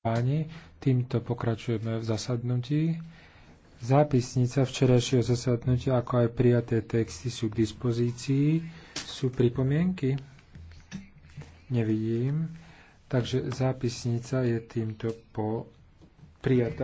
páni, týmto pokračujeme v zasadnutí. Zápisnica včerajšieho zasadnutia, ako aj prijaté texty sú k dispozícii. Sú pripomienky? Nevidím. Takže zápisnica je týmto po prijatá.